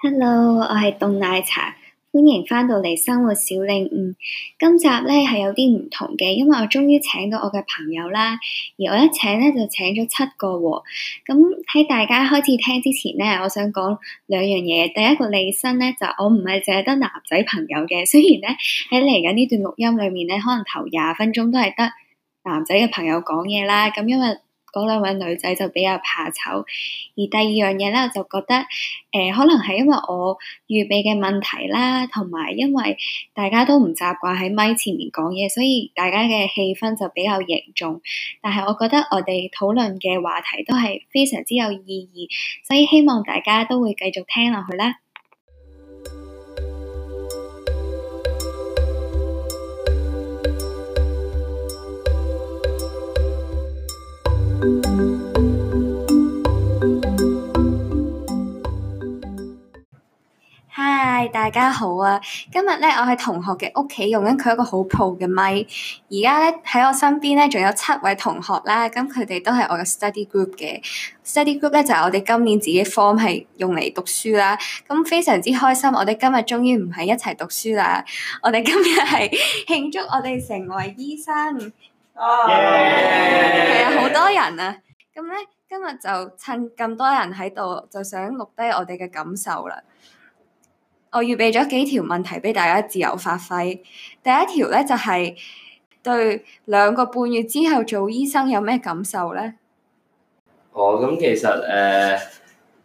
Hello，我係凍奶茶，歡迎翻到嚟生活小領悟，嗯。今集咧係有啲唔同嘅，因為我終於請到我嘅朋友啦。而我一請咧就請咗七個，哦。咁，嗯、喺大家開始聽之前咧，我想講兩樣嘢。第一個利申咧就我唔係淨係得男仔朋友嘅，雖然咧喺嚟緊呢段錄音裏面咧，可能頭廿分鐘都係得男仔嘅朋友講嘢啦。咁，嗯，因為嗰兩位女仔就比較怕醜，而第二樣嘢咧我就覺得，誒、呃、可能係因為我預備嘅問題啦，同埋因為大家都唔習慣喺咪前面講嘢，所以大家嘅氣氛就比較凝重。但係我覺得我哋討論嘅話題都係非常之有意義，所以希望大家都會繼續聽落去啦。Hi，大家好啊！今日咧，我喺同學嘅屋企用緊佢一個好 pro 嘅咪。而家咧喺我身邊咧，仲有七位同學啦。咁佢哋都係我嘅 stud study group 嘅 study group 咧，就係、是、我哋今年自己 form 係用嚟讀書啦。咁非常之開心，我哋今日終於唔係一齊讀書啦。我哋今日係慶祝我哋成為醫生。係啊，好多人啊！咁咧，今日就趁咁多人喺度，就想錄低我哋嘅感受啦。我預備咗幾條問題俾大家自由發揮。第一條咧就係、是、對兩個半月之後做醫生有咩感受咧？哦，咁其實誒、呃，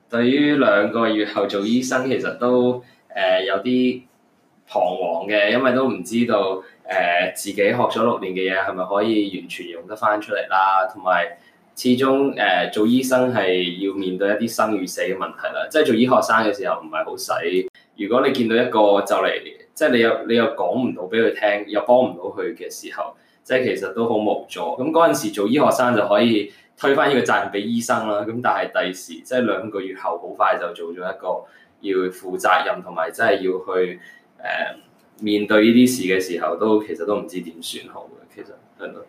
對於兩個月後做醫生，其實都誒有啲彷徨嘅，history，因為都唔知道。誒、呃、自己學咗六年嘅嘢，係咪可以完全用得翻出嚟啦？同埋始終誒、呃、做醫生係要面對一啲生與死嘅問題啦。即係做醫學生嘅時候唔係好使，如果你見到一個就嚟，即係你又你又講唔到俾佢聽，又幫唔到佢嘅時候，即係其實都好無助。咁嗰陣時做醫學生就可以推翻呢個責任俾醫生啦。咁但係第時即係兩個月後，好快就做咗一個要負責任同埋，即係要去誒。呃面對呢啲事嘅時候，都其實都唔知點算好嘅。其實係咯，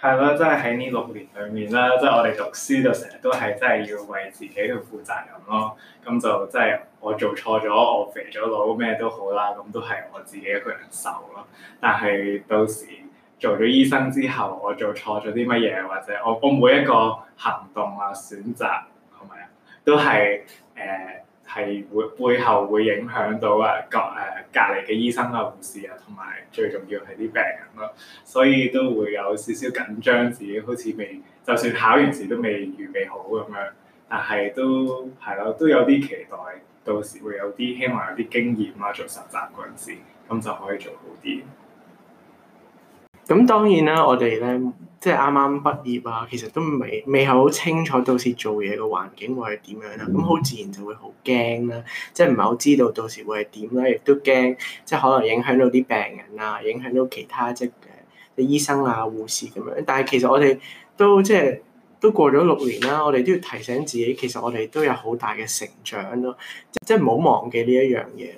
係咯，即係喺呢六年裡面啦，即、就、係、是、我哋讀書就成日都係，真係要為自己去負責任咯。咁就即係、就是、我做錯咗，我肥咗佬咩都好啦，咁都係我自己一個人受咯。但係到時做咗醫生之後，我做錯咗啲乜嘢，或者我我每一個行動啊、選擇同埋都係誒。呃係會背後會影響到各啊隔誒隔離嘅醫生啊、護士啊，同埋最重要係啲病人咯、啊，所以都會有少少緊張，自己好似未就算考完試都未預備好咁樣，但係都係咯、啊，都有啲期待，到時會有啲希望有啲經驗啊，做實習嗰陣時，咁就可以做好啲。咁當然啦，我哋咧即係啱啱畢業啊，其實都未未係好清楚到時做嘢嘅環境會係點樣啦。咁好自然就會好驚啦，即係唔係好知道到時會係點啦，亦都驚即係可能影響到啲病人啊，影響到其他即係啲醫生啊、護士咁樣。但係其實我哋都即係都過咗六年啦，我哋都要提醒自己，其實我哋都有好大嘅成長咯，即係唔好忘記呢一樣嘢。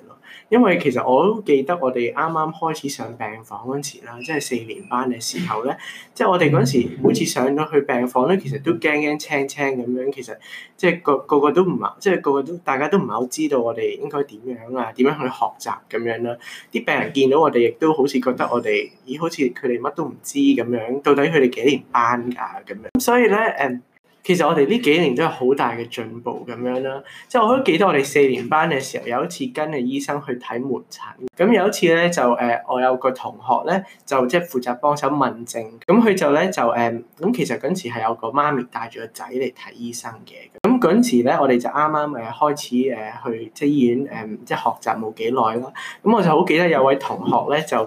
因為其實我都記得我哋啱啱開始上病房嗰陣時啦，即係四年班嘅時候咧，即係我哋嗰陣時每次上到去病房咧，其實都驚驚青青咁樣。其實即係個個個都唔係，即係個個都大家都唔係好知道我哋應該點樣啊，點樣去學習咁樣啦。啲病人見到我哋亦都好似覺得我哋咦，好似佢哋乜都唔知咁樣。到底佢哋幾年班㗎咁樣。所以咧誒。其實我哋呢幾年都有好大嘅進步咁樣啦，即係我都記得我哋四年班嘅時候，有一次跟嘅醫生去睇門診，咁有一次咧就誒、呃，我有個同學咧就即係負責幫手問症。咁佢就咧就誒，咁、呃、其實嗰陣時係有個媽咪帶住個仔嚟睇醫生嘅，咁嗰陣時咧我哋就啱啱誒開始誒去即係醫院誒即係學習冇幾耐啦，咁我就好記得有位同學咧就，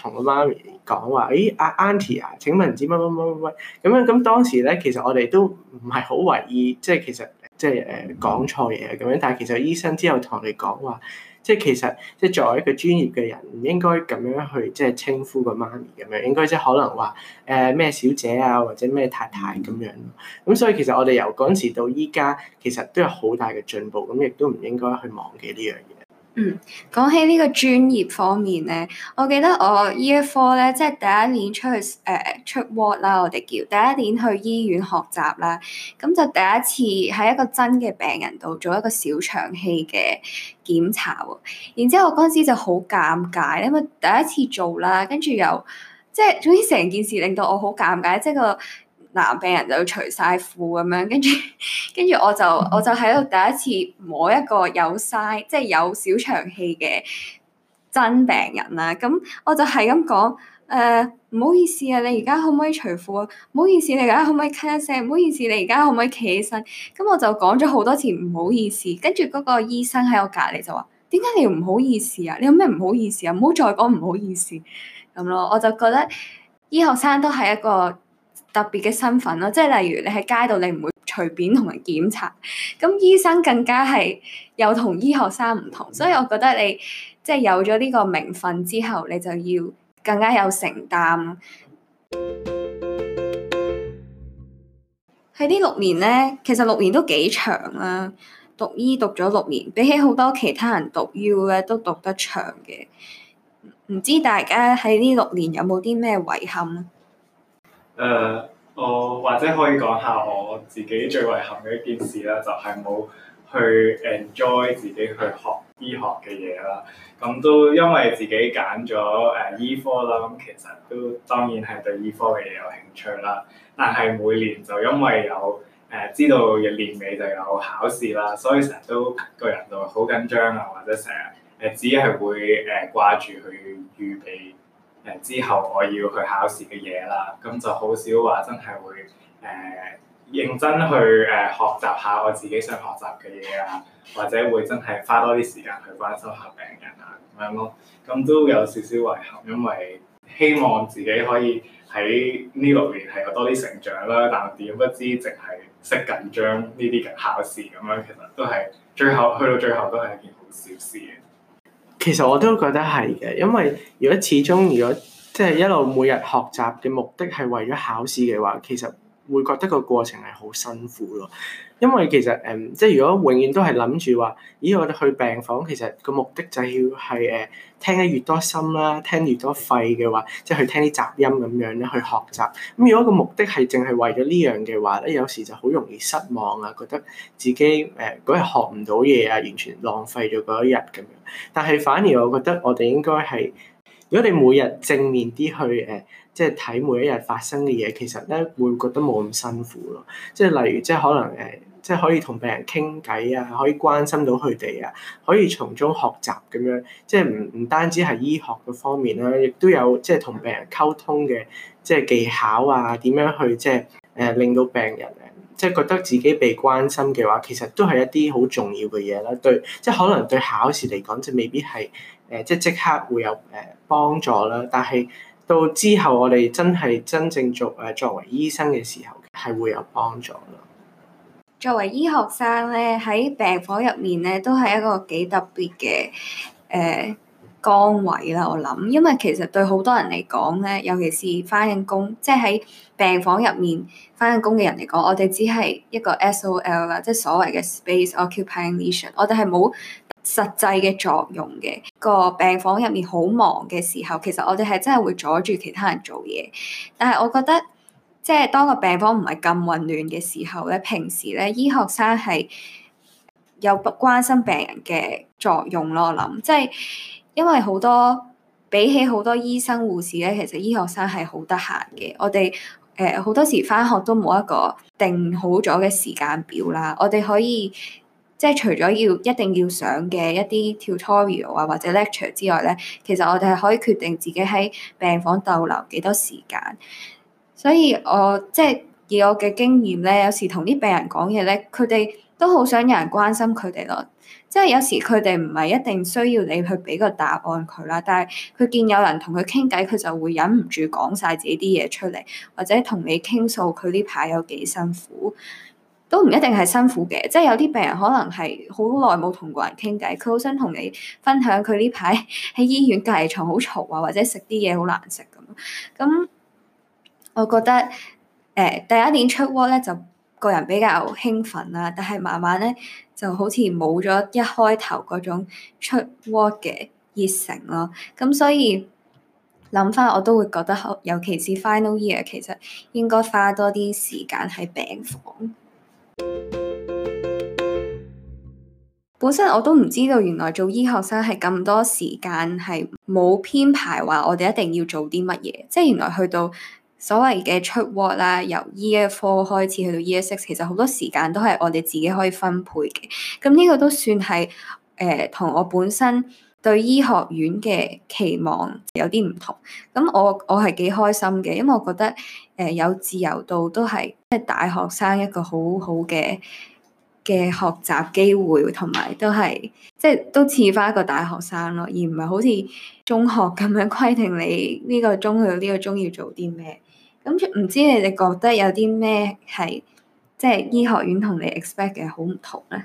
同個媽咪講話，誒、哎，阿 aunty 啊，請問唔知乜乜乜乜乜咁樣。咁當時咧，其實我哋都唔係好為意，即係其實即係誒講錯嘢咁樣。但係其實醫生之後同你講話，即係其實即係作為一個專業嘅人，唔應該咁樣去即係稱呼個媽咪咁樣，應該即係可能話誒咩小姐啊，或者咩太太咁樣。咁所以其實我哋由嗰陣時到依家，其實都有好大嘅進步。咁亦都唔應該去忘記呢樣嘢。嗯，講起呢個專業方面咧，我記得我醫科咧，即係第一年出去誒、呃、出 ward 啦，我哋叫第一年去醫院學習啦，咁、嗯、就第一次喺一個真嘅病人度做一個小腸氣嘅檢查喎。然之後嗰陣時就好尷尬，因、嗯、為第一次做啦，跟住又即係總之成件事令到我好尷尬，即係個。男病人就除晒褲咁樣，跟住跟住我就我就喺度第一次摸一個有曬即係有小腸氣嘅真病人啊！咁、嗯、我就係咁講，誒、呃、唔好意思啊，你而家可唔可以除褲啊？唔好意思你而家可唔可以咳一聲？唔好意思你而家可唔可以企起身？咁我就講咗好多次唔好意思，跟住嗰個醫生喺我隔離就話：點解你要唔好意思啊？你有咩唔好意思啊？唔好再講唔好意思咁咯。我就覺得醫學生都係一個。特別嘅身份咯，即係例如你喺街度，你唔會隨便同人檢查。咁醫生更加係又同醫學生唔同，所以我覺得你即係有咗呢個名分之後，你就要更加有承擔。喺呢 六年呢，其實六年都幾長啦。讀醫讀咗六年，比起好多其他人讀 U 咧都讀得長嘅。唔知大家喺呢六年有冇啲咩遺憾？誒，我或者可以講下我自己最遺憾嘅一件事啦，就係冇去 enjoy 自己去學醫學嘅嘢啦。咁都因為自己揀咗誒醫科啦，咁其實都當然係對醫科嘅嘢有興趣啦。但係每年就因為有誒知道年尾就有考試啦，所以成日都個人就好緊張啊，或者成日誒只係會誒掛住去預備。之後我要去考試嘅嘢啦，咁就好少話真係會誒、呃、認真去誒、呃、學習下我自己想學習嘅嘢啊，或者會真係花多啲時間去關心下病人啊咁樣咯，咁都有少少遺憾，因為希望自己可以喺呢六年係有多啲成長啦，但點不知淨係識緊張呢啲考試咁樣，其實都係最後去到最後都係一件好小事嘅。其實我都覺得係嘅，因為如果始終如果即係一路每日學習嘅目的係為咗考試嘅話，其實。會覺得個過程係好辛苦咯，因為其實誒、嗯，即係如果永遠都係諗住話，咦，我哋去病房其實個目的就係要係誒、呃、聽得越多心啦，聽越多肺嘅話，即係去聽啲雜音咁樣咧去學習。咁、嗯、如果個目的係淨係為咗呢樣嘅話咧，有時就好容易失望啊，覺得自己誒嗰日學唔到嘢啊，完全浪費咗嗰一日咁樣。但係反而我覺得我哋應該係，如果你每日正面啲去誒。呃即係睇每一日發生嘅嘢，其實呢會覺得冇咁辛苦咯。即係例如，即係可能誒，即係可以同病人傾偈啊，可以關心到佢哋啊，可以從中學習咁樣。即係唔唔單止係醫學嘅方面啦，亦都有即係同病人溝通嘅即係技巧啊，點樣去即係誒令到病人誒即係覺得自己被關心嘅話，其實都係一啲好重要嘅嘢啦。對，即係可能對考試嚟講，就未必係誒即係即刻會有誒幫助啦。但係，到之後，我哋真係真正做誒作為醫生嘅時候，係會有幫助咯。作為醫學生咧，喺病房入面咧，都係一個幾特別嘅誒、呃、崗位啦。我諗，因為其實對好多人嚟講咧，尤其是返緊工，即係喺病房入面返緊工嘅人嚟講，我哋只係一個 SOL 啦，即係所謂嘅 space occupying lesion。我哋係冇。實際嘅作用嘅，個病房入面好忙嘅時候，其實我哋係真係會阻住其他人做嘢。但係我覺得，即係當個病房唔係咁混亂嘅時候咧，平時咧，醫學生係有不關心病人嘅作用咯。我諗即係因為好多比起好多醫生護士咧，其實醫學生係好得閒嘅。我哋誒好多時返學都冇一個定好咗嘅時間表啦。我哋可以。即係除咗要一定要上嘅一啲 tutorial 啊或者 lecture 之外咧，其實我哋係可以決定自己喺病房逗留幾多時間。所以我即係以我嘅經驗咧，有時同啲病人講嘢咧，佢哋都好想有人關心佢哋咯。即係有時佢哋唔係一定需要你去俾個答案佢啦，但係佢見有人同佢傾偈，佢就會忍唔住講晒自己啲嘢出嚟，或者同你傾訴佢呢排有幾辛苦。都唔一定係辛苦嘅，即係有啲病人可能係好耐冇同個人傾偈，佢好想同你分享佢呢排喺醫院隔籬床好嘈啊，或者食啲嘢好難食咁。咁我覺得誒、呃、第一年出 ward 咧，就個人比較興奮啦。但係慢慢咧就好似冇咗一開頭嗰種出 ward 嘅熱誠咯。咁所以諗翻我都會覺得，尤其是 final year，其實應該花多啲時間喺病房。本身我都唔知道，原來做醫學生係咁多時間係冇編排話，我哋一定要做啲乜嘢。即係原來去到所謂嘅出 work 啦，由 E S Four 開始去到 E S X，其實好多時間都係我哋自己可以分配嘅。咁呢個都算係誒，同、呃、我本身。對醫學院嘅期望有啲唔同，咁我我係幾開心嘅，因為我覺得誒、呃、有自由度都係即係大學生一個好好嘅嘅學習機會，同埋都係即係都似翻一個大學生咯，而唔係好似中學咁樣規定你呢個鐘去到呢個鐘要做啲咩。咁唔知你哋覺得有啲咩係即係醫學院你同你 expect 嘅好唔同咧？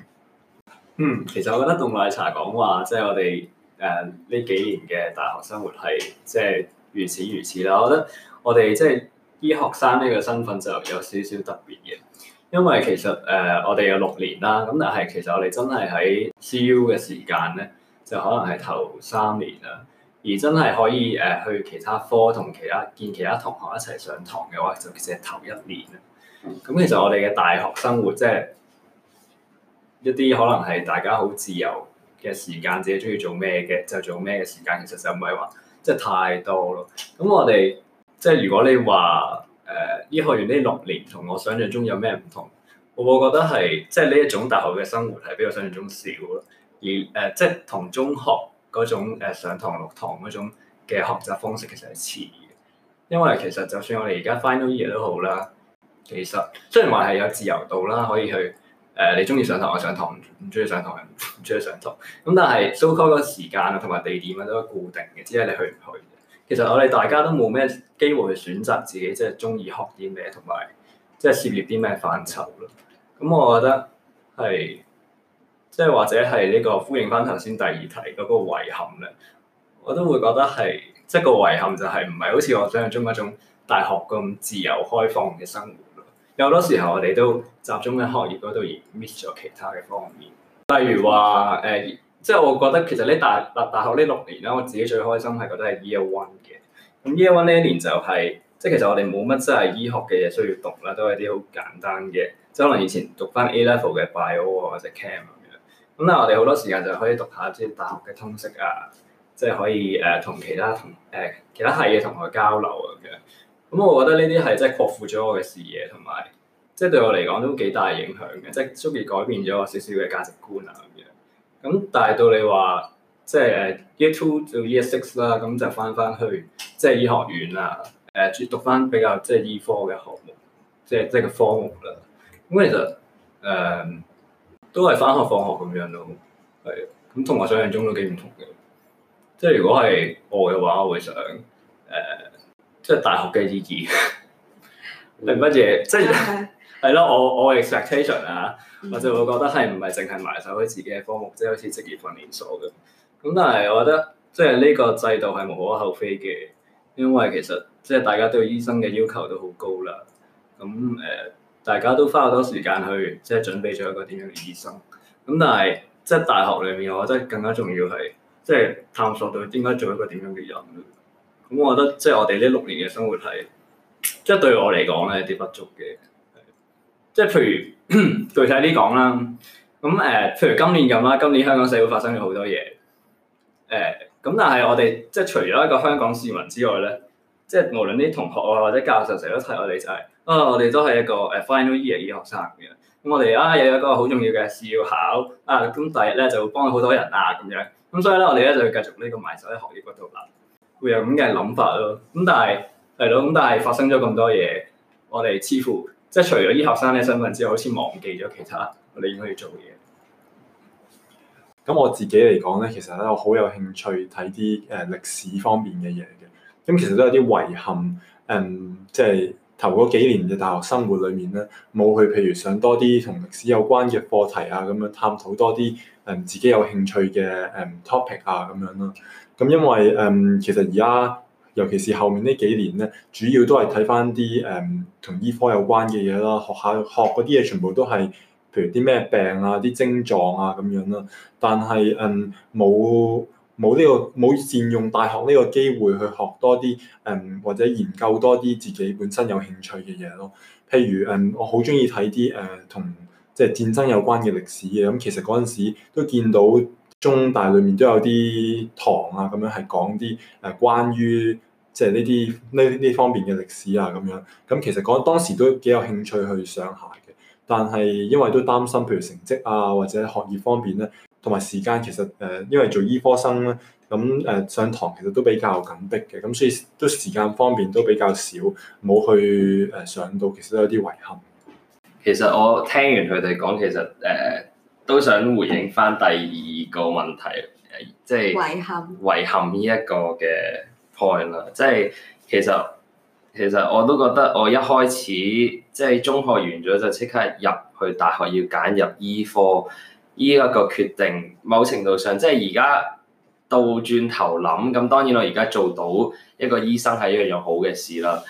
嗯，其實我覺得同奶茶講話，即、就、係、是、我哋。誒呢、uh, 幾年嘅大學生活係即係如此如此啦，我覺得我哋即係醫學生呢個身份就有少少特別嘅，因為其實誒、uh, 我哋有六年啦，咁但係其實我哋真係喺 CU 嘅時間呢，就可能係頭三年啦，而真係可以誒、uh, 去其他科同其他見其他同學一齊上堂嘅話，就其實係頭一年啦。咁其實我哋嘅大學生活即係一啲可能係大家好自由。嘅時間自己中意做咩嘅就做咩嘅時間，其實就唔係話即係太多咯。咁我哋即係如果你話誒，啲、呃、學院呢六年同我想象中有咩唔同，我覺得係即係呢一種大學嘅生活係比我想象中少咯。而誒、呃，即係同中學嗰種、呃、上堂落堂嗰種嘅學習方式其實係遲嘅，因為其實就算我哋而家 find new 嘢都好啦，其實雖然話係有自由度啦，可以去。誒、呃，你中意上堂，我上堂；唔唔中意上堂，佢唔中意上堂。咁但係 so called 嗰個時間啊，同、so、埋地點啊都固定嘅，只係你去唔去啫。其實我哋大家都冇咩機會去選擇自己即係中意學啲咩，同埋即係涉獵啲咩範疇咯。咁、嗯、我覺得係即係或者係呢、這個呼應翻頭先第二題嗰個遺憾咧，我都會覺得係即係個遺憾就係唔係好似我想象中一種大學咁自由開放嘅生活。有好多時候，我哋都集中喺學業嗰度而 miss 咗其他嘅方面。例如話，誒、呃，即、就、係、是、我覺得其實呢大大大學呢六年啦，我自己最開心係覺得係 year one 嘅。咁 year one 呢一年就係、是，即、就、係、是、其實我哋冇乜真係醫學嘅嘢需要讀啦，都係啲好簡單嘅，即係可能以前讀返 A level 嘅 bio 或者 chem 咁樣。咁咧，我哋好多時間就可以讀下啲大學嘅通識啊，即、就、係、是、可以誒同、呃、其他同誒、呃、其他系嘅同學交流咁樣。咁我覺得呢啲係真係擴闊咗我嘅視野，同埋即係對我嚟講都幾大影響嘅，即係足以改變咗我少少嘅價值觀啊咁樣。咁但係到你話即係誒 Year Two 到 Year Six 啦，咁、嗯、就翻翻去即係醫學院啊，誒讀翻比較即係、就是、醫科嘅項目，即係即係個科目啦。咁其實誒、嗯、都係翻學放學咁樣咯，係。咁同我想象中都幾唔同嘅。即係如果係我嘅話，我會想誒。嗯即係大學嘅意義，定乜嘢？ 即係係咯，我我 expectation 啊， 我就會覺得係唔係淨係埋首喺自己嘅科目，即係好似職業訓練所咁。咁但係我覺得，即係呢個制度係無可厚非嘅，因為其實即係大家對醫生嘅要求都好高啦。咁、嗯、誒、呃，大家都花好多時間去即係準備咗一個點樣嘅醫生。咁但係即係大學裡面，我覺得更加重要係即係探索到應該做一個點樣嘅人。咁我覺得即係我哋呢六年嘅生活係、就是，即係對我嚟講咧，有啲不足嘅。即係譬如具體啲講啦，咁誒、 就是，譬如今年咁啦，今年香港社會發生咗好多嘢。誒，咁但係我哋即係除咗一個香港市民之外咧，即係無論啲同學啊或者教授成日都提我哋就係、是哦，啊，我哋都係一個誒 final year 嘅醫學生嘅。咁我哋啊有一個好重要嘅試要考啊，咁第日咧就會幫好多人啊咁樣。咁所以咧我哋咧就要繼續呢個埋首喺學業嗰度啦。會有咁嘅諗法咯，咁但係係咯，咁但係發生咗咁多嘢，我哋似乎即係除咗醫學生嘅身份之後，好似忘記咗其他我哋應該要做嘅嘢。咁我自己嚟講咧，其實咧我好有興趣睇啲誒歷史方面嘅嘢嘅，咁、嗯、其實都有啲遺憾，誒、呃、即係頭嗰幾年嘅大學生活裏面咧，冇去譬如上多啲同歷史有關嘅課題啊，咁樣探討多啲誒、呃、自己有興趣嘅誒、呃、topic 啊，咁樣咯。咁因為誒、嗯，其實而家尤其是後面呢幾年咧，主要都係睇返啲誒同醫科有關嘅嘢啦，學下學嗰啲嘢全部都係譬如啲咩病啊、啲症狀啊咁樣啦。但係誒冇冇呢個冇善用大學呢個機會去學多啲誒、嗯、或者研究多啲自己本身有興趣嘅嘢咯。譬如誒、嗯，我好中意睇啲誒同即係戰爭有關嘅歷史嘅，咁、嗯、其實嗰陣時都見到。中大裏面都有啲堂啊，咁樣係講啲誒關於即係呢啲呢呢方面嘅歷史啊，咁樣咁其實講當時都幾有興趣去上下嘅，但係因為都擔心譬如成績啊或者學業方面咧，同埋時間其實誒、呃、因為做醫科生咧，咁、啊、誒上堂其實都比較緊迫嘅，咁、啊、所以都時間方面都比較少，冇去誒、呃、上到，其實都有啲遺憾。其實我聽完佢哋講，其實誒。呃都想回應翻第二個問題，對即係是遺憾遺憾呢一個嘅 point 啦。即係其實其實我都覺得我一開始即係中學完咗就即刻入去大學要揀入醫科，呢一個決定，某程度上即係而家倒轉頭諗，咁當然我而家做到一個醫生係一樣好嘅事啦。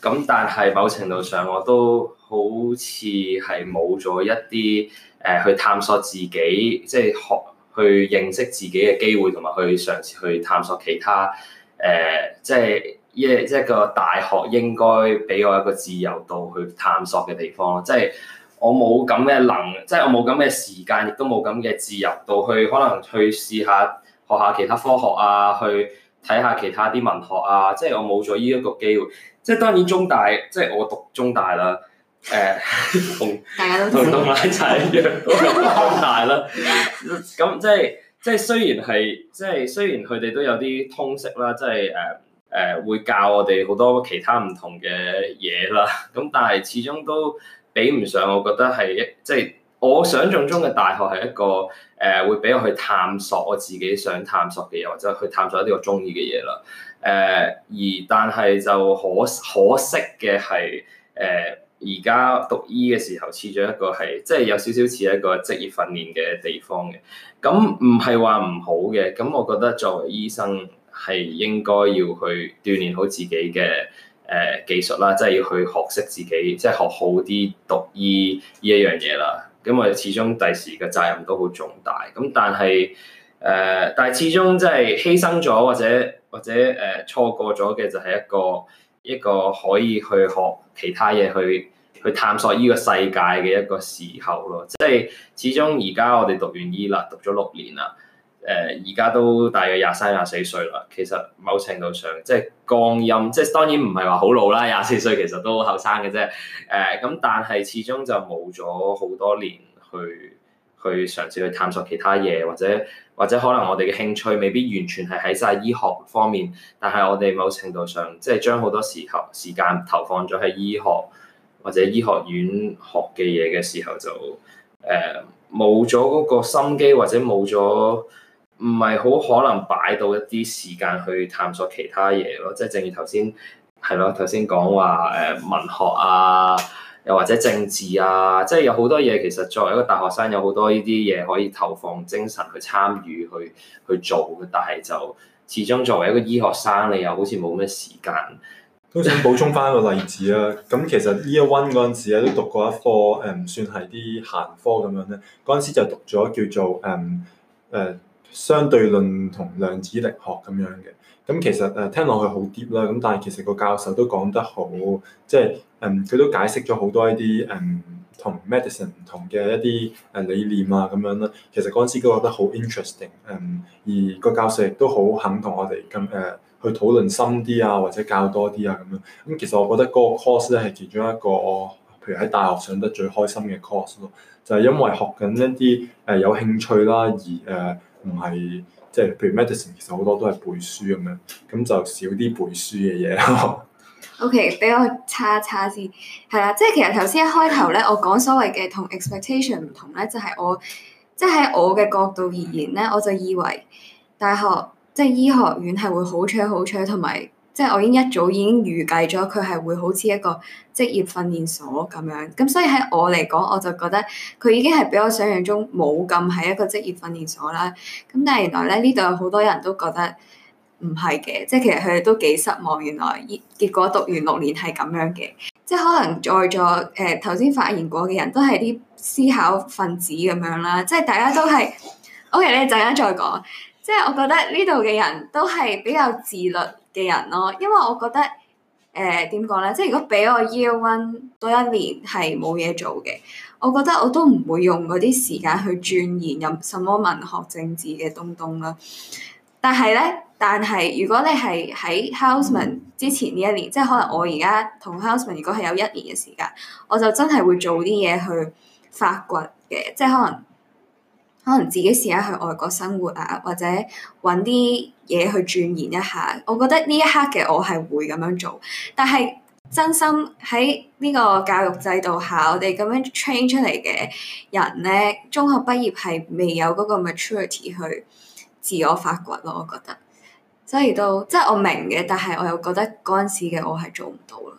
咁但係某程度上我都。好似係冇咗一啲誒、呃、去探索自己，即係學去認識自己嘅機會，同埋去嘗試去探索其他誒、呃，即係一一個大學應該俾我一個自由度去探索嘅地方咯。即係我冇咁嘅能，即係我冇咁嘅時間，亦都冇咁嘅自由度去可能去試下學下其他科學啊，去睇下其他啲文學啊。即係我冇咗呢一個機會。即係當然中大，即係我讀中大啦。誒同 跟大家都同埋一齊一樣咁大啦，咁即係即係雖然係即係雖然佢哋都有啲通識啦，即係誒誒會教我哋好多其他唔同嘅嘢啦，咁但係始終都比唔上我覺得係一即係我想像中嘅大學係一個誒、呃、會俾我去探索我自己想探索嘅嘢或者去探索一啲我中意嘅嘢啦，誒、呃、而但係就可可惜嘅係誒。呃而家讀醫嘅時候，似咗一個係，即係有少少似一個職業訓練嘅地方嘅。咁唔係話唔好嘅，咁我覺得作為醫生係應該要去鍛鍊好自己嘅誒技術啦，即係要去學識自己，即係學好啲讀醫呢一樣嘢啦。咁我哋始終第時嘅責任都好重大。咁但係誒，但係始終即係犧牲咗或者或者誒錯過咗嘅就係一個一個可以去學其他嘢去。去探索呢個世界嘅一個時候咯，即係始終而家我哋讀完醫啦，讀咗六年啦，誒而家都大約廿三廿四歲啦。其實某程度上，即係光陰，即係當然唔係話好老啦，廿四歲其實都好後生嘅啫。誒、呃、咁，但係始終就冇咗好多年去去嘗試去探索其他嘢，或者或者可能我哋嘅興趣未必完全係喺晒醫學方面，但係我哋某程度上即係將好多時候時間投放咗喺醫學。或者醫學院學嘅嘢嘅時候，就誒冇咗嗰個心機，或者冇咗唔係好可能擺到一啲時間去探索其他嘢咯，即係正如頭先係咯，頭先講話誒、呃、文學啊，又或者政治啊，即係有好多嘢其實，作為一個大學生，有好多呢啲嘢可以投放精神去參與去去做嘅，但係就始終作為一個醫學生，你又好似冇咩時間。都想補充翻一個例子啊！咁其實 Year One 嗰陣時、啊、都讀過一科誒，唔、嗯、算係啲閒科咁樣咧。嗰陣時就讀咗叫做誒誒、嗯呃、相對論同量子力學咁樣嘅。咁其實誒、呃、聽落去好 deep 啦。咁但係其實個教授都講得好，即係誒佢都解釋咗好多一啲誒、嗯、med 同 medicine 唔同嘅一啲誒、呃、理念啊咁樣啦。其實嗰陣時都覺得好 interesting、嗯。誒而個教授亦都好肯同我哋咁誒。嗯呃去討論深啲啊，或者教多啲啊咁樣。咁其實我覺得嗰個 course 咧係其中一個，譬如喺大學上得最開心嘅 course 咯，就係因為學緊一啲誒有興趣啦，而誒唔係即係譬如 medicine 其實好多都係背書咁樣，咁就少啲背書嘅嘢咯。O K，俾我叉叉先，係啦，即係其實頭先一開頭咧，我講所謂嘅同 expectation 唔同咧，就係我即係喺我嘅角度而言咧，我就以為大學。即係醫學院係會好扯好扯，同埋即係我已經一早已經預計咗，佢係會好似一個職業訓練所咁樣。咁所以喺我嚟講，我就覺得佢已經係比我想象中冇咁係一個職業訓練所啦。咁但係原來咧呢度有好多人都覺得唔係嘅，即係其實佢哋都幾失望。原來結果讀完六年係咁樣嘅，即係可能在座誒頭先發言過嘅人都係啲思考分子咁樣啦。即係大家都係 OK 咧，陣間再講。即係我覺得呢度嘅人都係比較自律嘅人咯，因為我覺得誒點講咧，即係如果俾我 year one 多一年係冇嘢做嘅，我覺得我都唔會用嗰啲時間去鑽研任什麼文學政治嘅東東啦。但係咧，但係如果你係喺 Houseman 之前呢一年，即係可能我而家同 Houseman 如果係有一年嘅時間，我就真係會做啲嘢去發掘嘅，即係可能。可能自己試下去外國生活啊，或者揾啲嘢去鑽研一下。我覺得呢一刻嘅我係會咁樣做，但係真心喺呢個教育制度下，我哋咁樣 train 出嚟嘅人咧，中學畢業係未有嗰個 maturity 去自我發掘咯、啊。我覺得，所以都即係、就是、我明嘅，但係我又覺得嗰陣時嘅我係做唔到啦。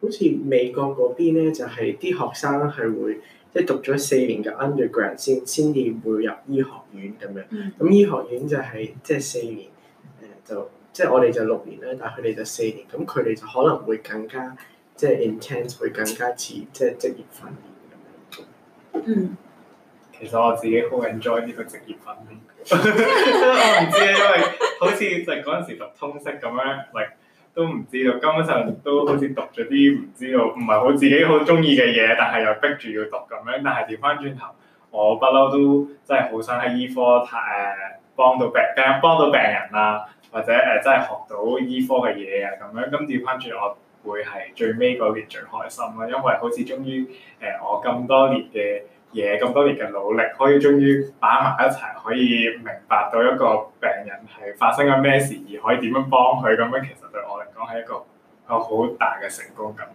好似美國嗰邊咧，就係、是、啲學生係會。即係讀咗四年嘅 undergrad 先先至會入醫學院咁樣，咁、mm hmm. 醫學院就係即係四年，誒就即係、就是、我哋就六年啦，但係佢哋就四年，咁佢哋就可能會更加即係、就是、intense，會更加似即係職業訓練咁樣。嗯、mm。Hmm. 其實我自己好 enjoy 呢個職業訓練， 我唔知 因為好似就嗰陣時讀通識咁樣都唔知道，根本上都好似讀咗啲唔知道，唔係好自己好中意嘅嘢，但係又逼住要讀咁樣。但係調翻轉頭，我不嬲都真係好想喺醫科誒幫到病病幫到病人啊，或者誒、呃、真係學到醫科嘅嘢啊咁樣。咁調翻轉我會係最尾嗰年最開心咯，因為好似終於誒我咁多年嘅嘢咁多年嘅努力，可以終於把埋一齊，可以明白到一個病人係發生緊咩事，而可以點樣幫佢咁樣，其實對我嚟講係一個有好大嘅成功感。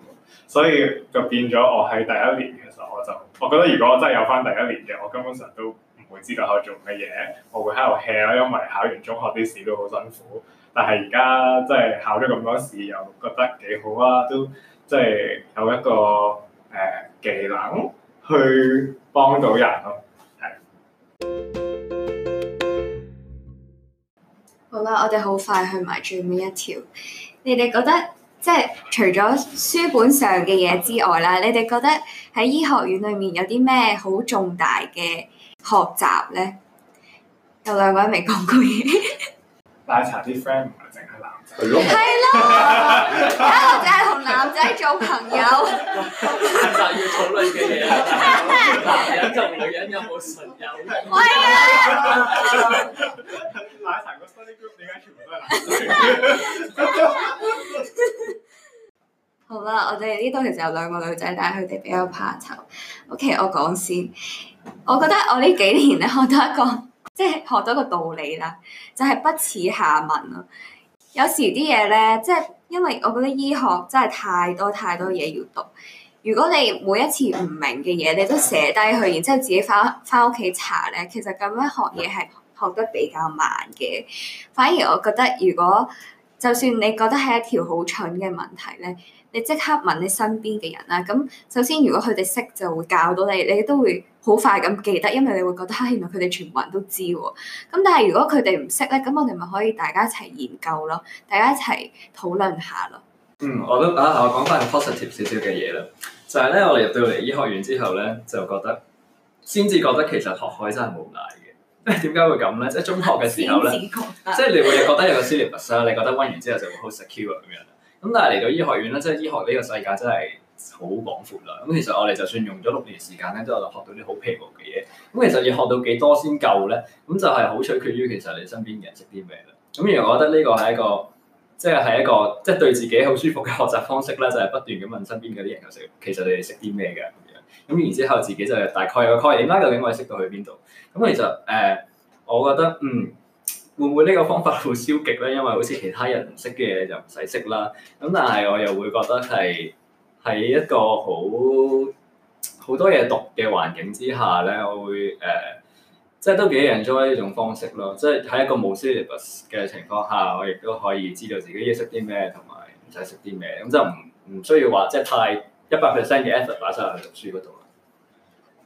所以就變咗我喺第一年其實我就，我覺得如果我真係有翻第一年嘅，我根本上都唔會知道我做乜嘢，我會喺度 hea 咯，因為考完中學啲試都好辛苦。但係而家即係考咗咁多試，又覺得幾好啊，都即係有一個誒、呃、技能。去幫到人咯，係。好啦，我哋好快去埋最尾一條。你哋覺得即係除咗書本上嘅嘢之外啦，你哋覺得喺醫學院裏面有啲咩好重大嘅學習呢？有兩位未講過嘢。 奶茶啲 friend 唔係淨係男仔，係咯的，而家 我淨係同男仔做朋友，就 要討論嘅嘢，男人同女人有冇純友？係啊，奶茶個 study group 點解全部都係男仔？ 好啦，我哋呢度其實有兩個女仔，但係佢哋比較怕醜。OK，我講先，我覺得我呢幾年咧，我得一個。即係學咗個道理啦，就係不恥下問咯。有時啲嘢咧，即係因為我覺得醫學真係太多太多嘢要讀。如果你每一次唔明嘅嘢，你都寫低去，然之後自己翻翻屋企查咧，其實咁樣學嘢係學得比較慢嘅。反而我覺得，如果就算你覺得係一條好蠢嘅問題咧，你即刻問你身邊嘅人啦，咁首先如果佢哋識就會教到你，你都會好快咁記得，因為你會覺得，原來佢哋全部人都知喎。咁但係如果佢哋唔識咧，咁我哋咪可以大家一齊研究咯，大家一齊討論下咯。嗯，我都等下、啊、我講翻 positive 少少嘅嘢啦，就係、是、咧我哋入到嚟醫學院之後咧，就覺得先至覺得其實學醫真係冇難嘅。點解會咁咧？即、就、係、是、中學嘅時候咧，即係 你會覺得有個理 s y l l 你覺得温完之後就會好 secure 咁樣。咁但係嚟到醫學院咧，即係醫學呢個世界真係好廣闊啦。咁其實我哋就算用咗六年時間咧，都係學到啲好皮毛嘅嘢。咁其實要學到幾多先夠咧？咁就係好取決於其實你身邊嘅人識啲咩啦。咁而我覺得呢個係一個，即係係一個，即係對自己好舒服嘅學習方式啦。就係不斷咁問身邊嗰啲人有識，其實你哋識啲咩嘅咁樣。咁然之後自己就大概有個概念啦。究竟我哋識到去邊度？咁其實誒、呃，我覺得嗯。會唔會呢個方法好消極咧？因為好似其他人唔識嘅嘢就唔使識啦。咁但係我又會覺得係喺一個好好多嘢讀嘅環境之下咧，我會誒、呃，即係都幾 enjoy 呢種方式咯。即係喺一個冇 syllabus 嘅情況下，我亦都可以知道自己要識啲咩同埋唔使識啲咩，咁就唔唔需要話即係太一百 percent 嘅 effort 擺曬喺讀書嗰度。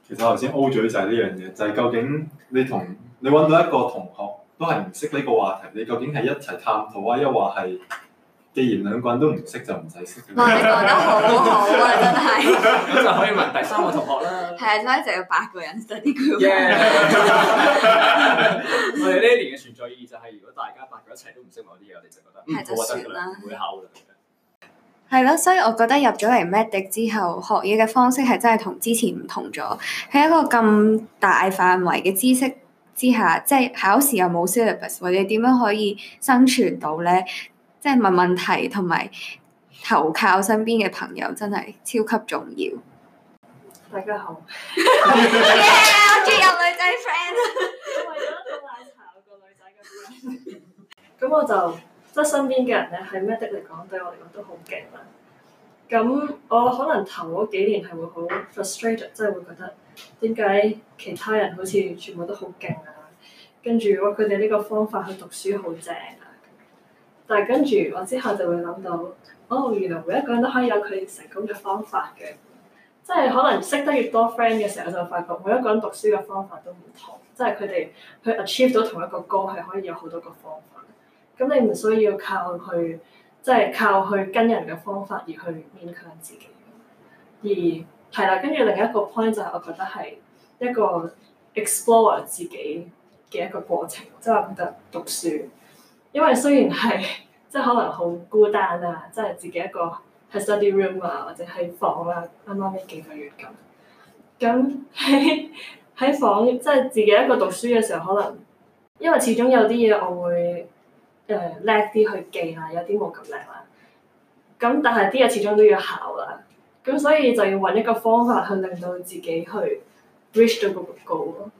其實我頭先 O 咗就係呢樣嘢，就係、是、究竟你同你搵到一個同學。都係唔識呢個話題，你究竟係一齊探討啊？抑或係，既然兩個人都唔識，就唔使識。哇！你講得好好啊，真係。咁就可以問第三個同學啦。係啊，所以就有八個人識呢句話。我哋呢一年嘅存在意義就係，如果大家八個一齊都唔識某啲嘢，我哋就覺得嗯好啦，唔會考嘅。係咯，所以我覺得入咗嚟 medic 之後，學嘢嘅方式係真係同之前唔同咗，喺一個咁大範圍嘅知識。之下，即係考試又冇 syllabus 或者點樣可以生存到咧？即係問問題同埋投靠身邊嘅朋友，真係超級重要。大家好， yeah，我中意有女仔 friend，為咗做奶茶個女仔咁樣。咁 我就即係身邊嘅人咧，係咩的嚟講？對我嚟講都好勁啦。咁我可能頭嗰幾年係會好 frustrated，即係會覺得。點解其他人好似全部都好勁啊？跟住佢哋呢個方法去讀書好正啊！但係跟住我之後就會諗到，哦，原來每一個人都可以有佢成功嘅方法嘅。即係可能識得越多 friend 嘅時候，就發覺每一個人讀書嘅方法都唔同，即係佢哋去 achieve 到同一個 goal 係可以有好多個方法。咁你唔需要靠去，即係靠去跟人嘅方法而去勉強自己，而。係啦，跟住另一個 point 就係我覺得係一個 explore 自己嘅一個過程，即係覺得讀書，因為雖然係即係可能好孤單啊，即係自己一個喺 study room 啊，或者喺房啊，啱啱呢幾個月咁，咁喺喺房即係自己一個讀書嘅時候，可能因為始終有啲嘢我會誒叻啲去記下，有啲冇咁叻啦，咁但係啲嘢始終都要考啦。咁所以就要揾一個方法去令到自己去 reach 咗嗰個 goal 咯。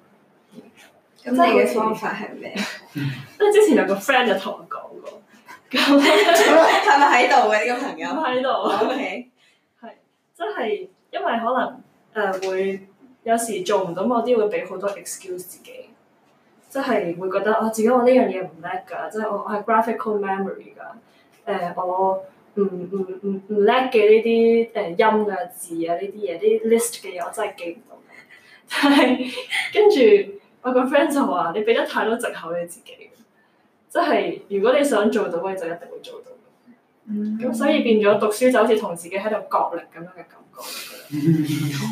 咁你嘅方法係咩？即係 之前有個 friend 就同我講過。咁係咪喺度嘅呢個朋友？喺度。 講起， 係即係因為可能誒、呃、會有時做唔到某啲會俾好多 excuse 自己，即係會覺得啊、哦、自己我呢樣嘢唔叻㗎，即係我係 graphical memory 㗎，誒、呃、我。唔唔唔唔叻嘅呢啲誒音啊字啊呢啲嘢啲 list 嘅嘢我真係記唔到， 但係跟住我個 friend 就話你俾得太多借口你自己，即係如果你想做到嘅就一定會做到，咁，mm hmm. 所以變咗讀書就好似同自己喺度角力咁樣嘅感覺，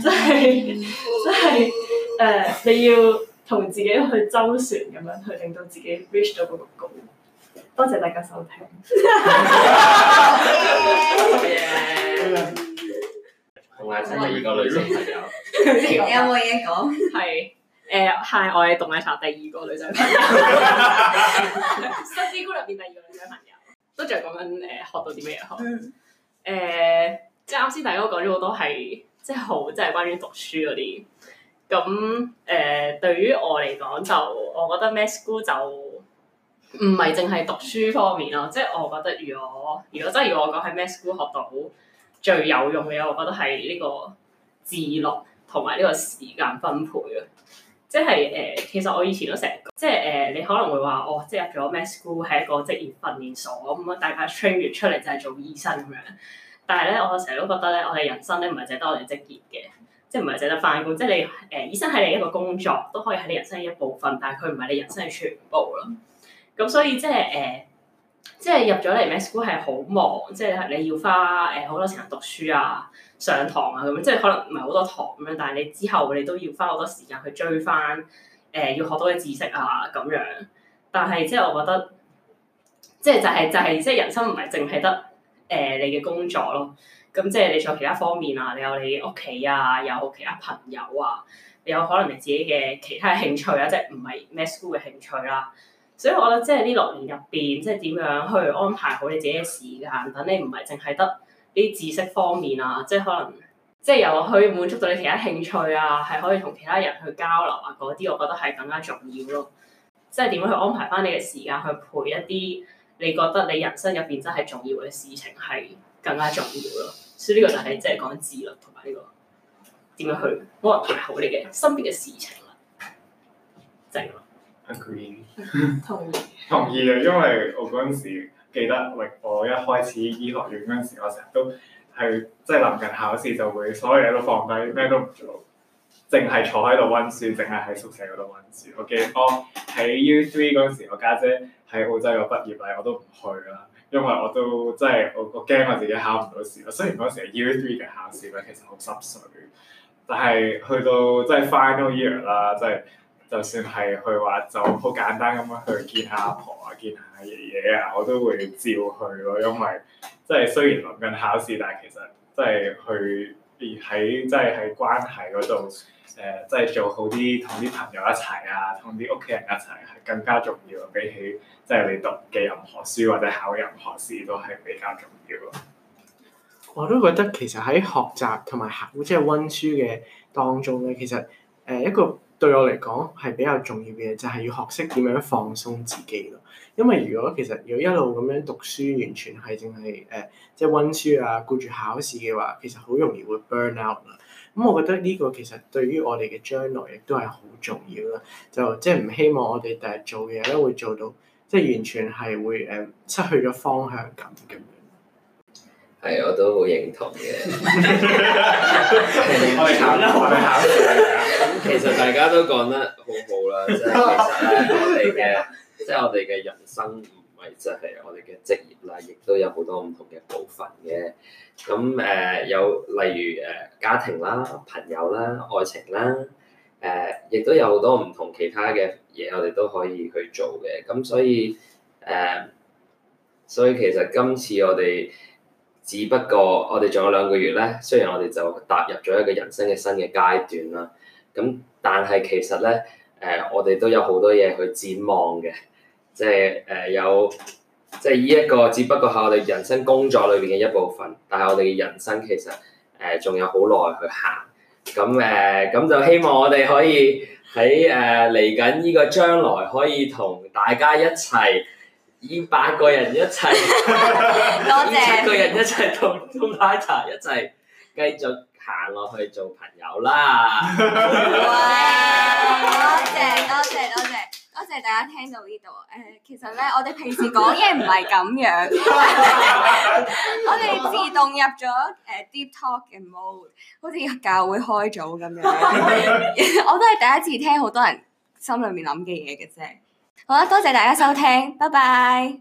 即係即係誒你要同自己去周旋咁樣去令到自己 reach 到嗰個 goal 多謝大家收聽。同紅眼色第二個女仔朋友，有冇嘢講？係誒，係我哋動力茶第二個女仔朋友，《小資菇》入邊第二個女仔朋友。都仲係講緊誒，學到啲咩嘢？嗯。誒，即係啱先，大家都講咗好多係，即係好，即係關於讀書嗰啲。咁誒，對於我嚟講，就我覺得 med school 就。唔係淨係讀書方面咯，即係我覺得，如果如果即係如果我講喺 Med School 學到最有用嘅嘢，我覺得係呢個自律同埋呢個時間分配啊。即係誒、呃，其實我以前都成日即係誒、呃，你可能會話哦，即係入咗 Med School 係一個職業訓練所咁啊，大家 train 完出嚟就係做醫生咁樣。但係咧，我成日都覺得咧，我哋人生咧唔係淨得我哋職業嘅、就是，即係唔係淨得翻工。即係你誒醫生係你一個工作，都可以喺你人生一部分，但係佢唔係你人生嘅全部咯。咁、嗯、所以即係誒，即係入咗嚟，Med School 係好忙，即係你要花誒好多時間讀書啊、上堂啊咁樣。即係可能唔係好多堂咁樣，但係你之後你都要花好多時間去追翻誒、呃、要學到嘅知識啊咁樣。但係即係我覺得，即係就係、是、就係即係人生唔係淨係得誒、呃、你嘅工作咯。咁即係你仲有其他方面啊，你有你屋企啊，有其他朋友啊，你有可能你自己嘅其他興趣啊，即係唔係 Med School 嘅興趣啦、啊。所以我覺得即係呢六年入邊，即係點樣去安排好你自己嘅時間，等你唔係淨係得啲知識方面啊，即係可能即係又可以滿足到你其他興趣啊，係可以同其他人去交流啊嗰啲，我覺得係更加重要咯。即係點樣去安排翻你嘅時間去陪一啲你覺得你人生入邊真係重要嘅事情係更加重要咯。所以呢個就係即係講自律同埋呢個點樣去安排好你嘅身邊嘅事情啦，就 Agree， 同意。 同意啊，因為我嗰陣時記得，我一開始醫學院嗰陣時，我成日都係即係臨近考試就會所有嘢都放低，咩都唔做，淨係坐喺度温書，淨係喺宿舍嗰度温書。我記得我喺 U three 嗰陣時，我家姐喺澳洲有畢業禮我都唔去啦，因為我都真係我我驚我自己考唔到試咯。雖然嗰陣時 U three 嘅考試咧其實好濕水，但係去到即係 final year 啦，即係。就算係去話就好簡單咁樣去見下阿婆啊、見下爺爺啊，我都會照去咯。因為即係雖然臨近考試，但係其實即係去喺即係喺關係嗰度誒，即、呃、係、就是、做好啲同啲朋友一齊啊，同啲屋企人一齊係更加重要，比起即係你讀嘅任何書或者考任何試都係比較重要咯。我都覺得其實喺學習同埋考即係温書嘅當中咧，其實誒、呃、一個。對我嚟講係比較重要嘅，就係、是、要學識點樣放鬆自己咯。因為如果其實要一路咁樣讀書，完全係淨係誒即係溫書啊，顧住考試嘅話，其實好容易會 burn out 啦。咁、嗯、我覺得呢個其實對於我哋嘅將來亦都係好重要啦。就即係唔希望我哋第日做嘢咧，會做到即係完全係會誒、呃、失去咗方向感嘅。係，我都好認同嘅。咁 其實大家都講得好好啦，即係 其實我哋嘅 即係我哋嘅人生唔係就係我哋嘅職業啦，亦都有好多唔同嘅部分嘅。咁誒、呃、有例如誒家庭啦、朋友啦、愛情啦，誒、呃、亦都有好多唔同其他嘅嘢，我哋都可以去做嘅。咁所以誒、呃，所以其實今次我哋。只不過我哋仲有兩個月咧，雖然我哋就踏入咗一個人生嘅新嘅階段啦，咁但係其實咧，誒、呃、我哋都有好多嘢去展望嘅，即係誒有，即係呢一個只不過係我哋人生工作裏邊嘅一部分，但係我哋嘅人生其實誒仲、呃、有好耐去行，咁誒咁就希望我哋可以喺誒嚟緊呢個將來可以同大家一齊。已經八個人一齊，八 多謝 個人一齊同同拉一齊繼續行落去做朋友啦！ 哇！多謝多謝多謝多謝大家聽到呢度誒，其實咧我哋平時講嘢唔係咁樣， 我哋自動入咗誒、uh, deep talk 嘅 mode，好似教會開組咁樣， 我都係第一次聽好多人心裏面諗嘅嘢嘅啫。好啦，多謝大家收聽，拜拜。